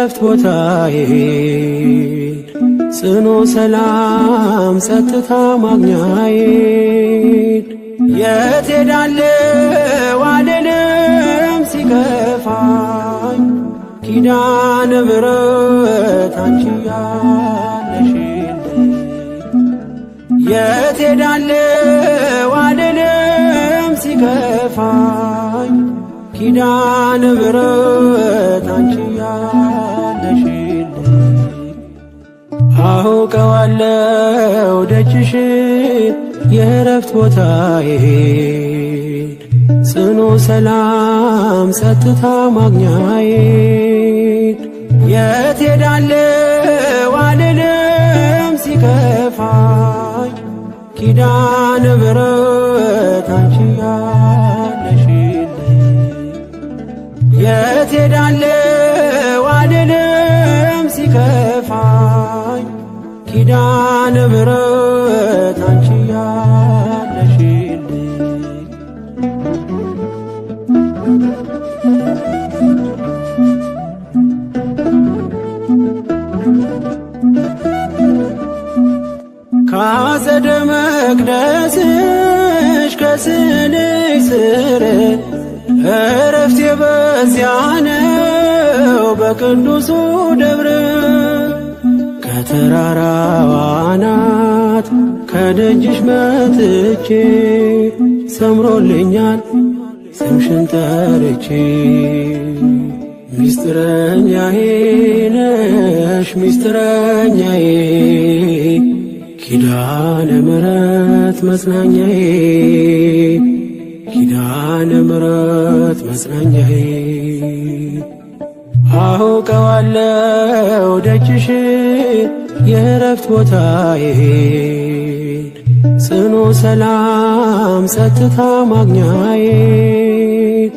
የእረፍት ቦታዬ ጽኑ ሰላም ጸጥታ ማግኛዬ የት ሄዳለሁ አልልም ሲከፋኝ ኪዳነ ምሕረት አንቺ ያለሽ የት ሄዳለሁ ሲከፋኝ ኪዳነ ምሕረት አንቺ አውቀዋለው ደጅሽን የእረፍት ቦታዬን ጽኑ ሰላም ጸጥታ ማግኛዬን የት ሄዳለው አልልም ሲከፋኝ ኪዳነ ምሕረት አንቺ ያለሽልኝ የት ሄዳለው አልልም ሲከፋኝ ኪዳነ ምሕረት አንቺ ያለሽልኝ ካጸደ መቅደስሽ ከስንሽ ስር እረፍቴ በዚያ ነው በቅዱሱ ደብረ ከተራራዋ ናት ከደጅሽ መጥቼ ሰምሮልኛል ስምሽን ጠርቼ ሚስጥረኛዬ ነሽ ሚስጥረኛዬ ኪዳነ ምሕረት መጽናኛዬ ኪዳነ ምሕረት መጽናኛዬ አውቀዋለው ደጅሽ የእረፍት ቦታዬን ጽኑ ሰላም ጸጥታ ማግኛዬን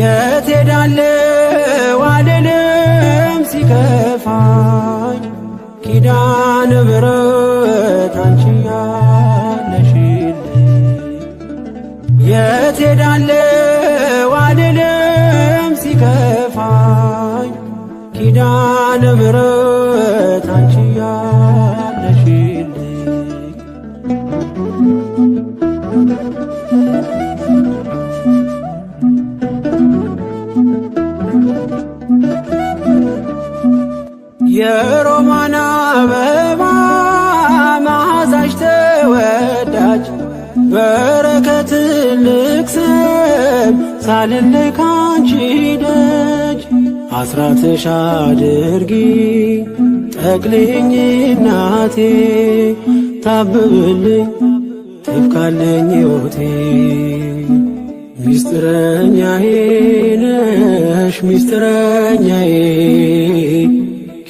የት ሄዳለሁ አልልም ሲከፋኝ ኪዳነ ምሕረት አንቺ ያለሽልኝ የት ሄዳለሁ አልልም ሲከፋኝ ኪዳነ ምሕረት የሮማን አበባ መዓዛሽ ተወዳጅ በረከት ትልቅ ስም ሳልልህ ደጅ አስራትሽ አድርጊ ጠቅልኝ እናቴ ታብብልኝ ትፍካለኝ ሕይወቴ ሚስጥረኛዬ ነሽ ሚስጥረኛዬ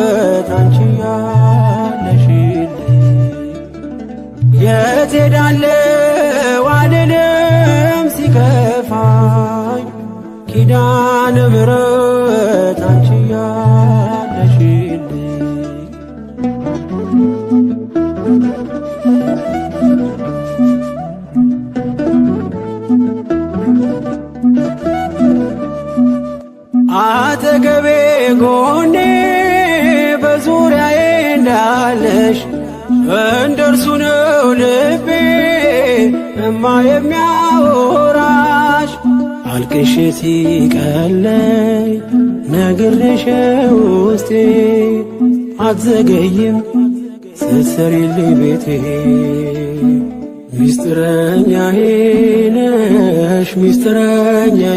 ሕይወት አንቺ ያለሽልኝ የት አልልም ሲከፋኝ ኪዳነ ምሕረት ያለሽ እንደርሱ ነው ልቤ እማ የሚያወራሽ አልቅሽት ነግርሽ ነግሬሽ ውስጤ አትዘገይም ስትሰሪልኝ ቤቴ ሚስጥረኛዬ ነሽ ሚስጥረኛዬ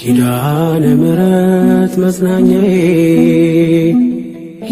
ኪዳነ ምሕረት መጽናኛዬ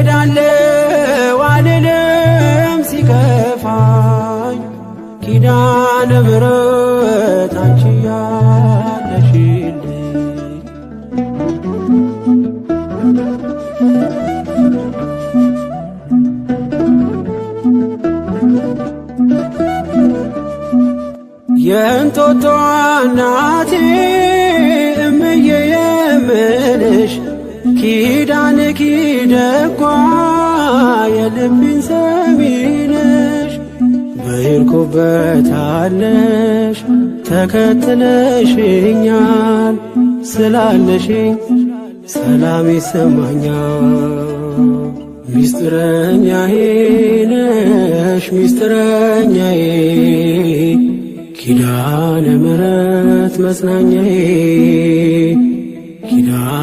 እሄዳለሁ አልልም ሲከፋኝ ኪዳነ ምሕረት አንቺ ያለሽልኝ የእንጦጦ እናቴ እምዬ የምልሽ ኪዳን ኪደጓ የልቤን ሰሚነሽ ነሽ በሄድኩበት ተከትለሽኛል ስላለሽኝ ሰላም ይሰማኛል። ሚስጥረኛዬ ነሽ ሚስጥረኛዬ ኪዳነ ምሕረት መጽናኛዬ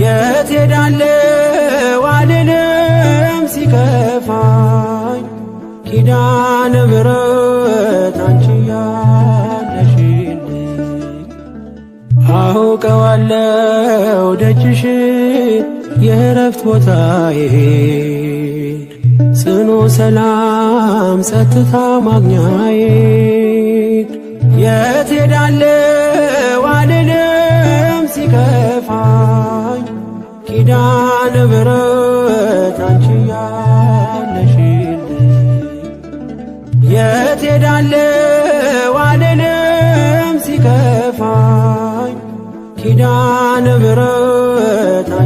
የት ሄዳለው አልልም ሲከፋኝ ኪዳነ ምሕረት አንቺ ያለሽልኝ አውቀዋለው ደጅሽ የእረፍት ቦታዬ ጽኑ ሰላም ጸጥታ ማግኛዬ የት ሄዳለው አልልም ሲከፋ ኪዳነ ምሕረት አንቺ ያለሽልኝ የት አልልም ሲከፋኝ ኪዳነ ምሕረት